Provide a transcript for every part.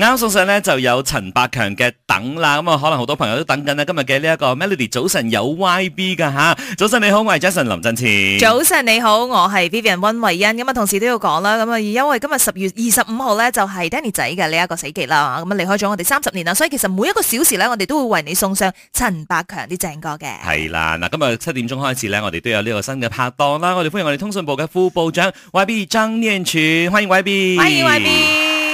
啱送上呢就有陳百強嘅《等啦》，咁啊可能好多朋友都等緊啦，今日嘅呢一個 Melody 早晨有 Y B 噶吓，早晨你好，我係 Jason 林振前，早晨你好，我係 Vivian 溫慧欣，咁啊同時都要講啦，咁啊因為今日十月二十五號呢，就係 Danny 仔嘅呢一個死忌啦，咁啊離開咗我哋三十年啦，所以其實每一個小時呢，我哋都會為你送上陳百強啲正歌嘅，係啦。嗱今日七點鐘開始呢，我哋都有呢個新嘅拍檔啦，我哋歡迎我哋通訊部嘅副部長 Y B 張念群，歡迎 Y B，歡迎 Y B。YB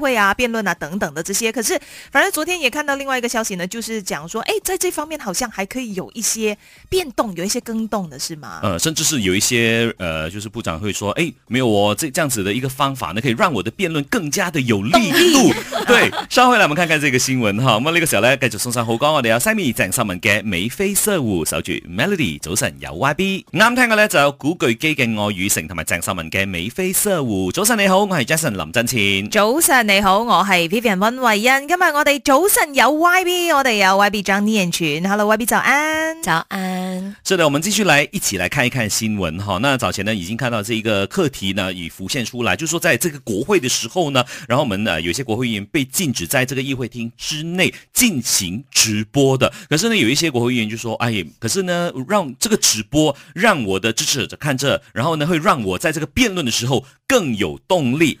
會啊，辯論啊，等等的這些，可是反正昨天也看到另外一個消息呢，就是講說，誒、欸，在這方面好像還可以有一些變動，有一些更動的，是嗎？呃甚至是有一些，呃，就是部長會說，誒、欸，沒有我、哦、這這樣子的一個方法呢，可以讓我的辯論更加的有力度。力對， 稍後來我們看看這個新聞哈，咁啊呢個時候呢，繼續送上好歌，我哋有 Sammy 鄭秀文嘅《眉飛色舞》，守住 Melody，早晨有 YB，啱、嗯、聽嘅呢，就有古巨基嘅《愛與誠》同埋鄭秀文嘅《眉飛色舞》，早晨你好，我係 Jason 林振前，早晨。你好，我是 Vivian 溫慧恩。今日我哋早晨有 YB，我哋有 YB 張念群。Hello，YB 早安。早安。是的，我們繼續來一起來看一看新聞哈。那早前呢已經看到這一個課題呢已浮現出來，就是說在這個國會的時候呢，然後我們誒有一些國會議員被禁止在這個議會廳之內進行直播的。可是呢，有一些國會議員就說：哎呀，可是呢，讓這個直播讓我的支持者看這，然後呢會讓我在這個辯論的時候更有動力。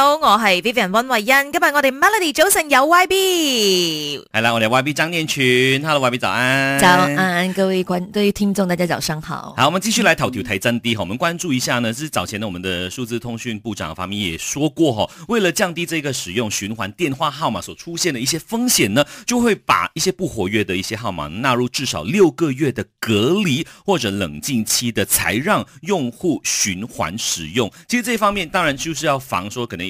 好，我是 Vivian 溫慧欣，今日我哋 Melody 早晨有 Y B，係啦，我哋 Y B 張念全，Hello Y B 早安，早安各位觀，各位聽眾，大家早上好，好，我們繼續來頭條睇真 D 好、嗯哦，我們關注一下呢，是早前呢我們的數字通訊部長的方面也說過、哦，哈，為了降低這個使用循環電話號碼所出現的一些風險呢，就會把一些不活躍的一些號碼納入至少六個月的隔離或者冷靜期的，才讓用戶循環使用。其實這一方面當然就是要防說可能。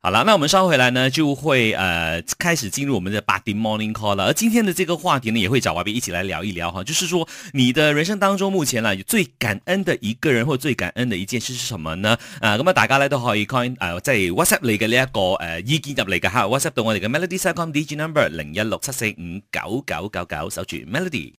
好了，那我們稍後回來呢，就會呃開始進入我們的八點 Morning Call 了。而今天的這個話題呢，也會找華碧一起來聊一聊哈。就是說，你的人生當中目前呢最感恩的一個人或者最感恩的一件事是什麼呢？啊、呃，咁啊，大家呢都可以開啊、呃，在 WhatsApp 嚟一、這個呢一個呃，意見入嚟的哈 WhatsApp 到我哋嘅 Melody Telecom DG Number 零一六七四五九九九九，守住 Melody。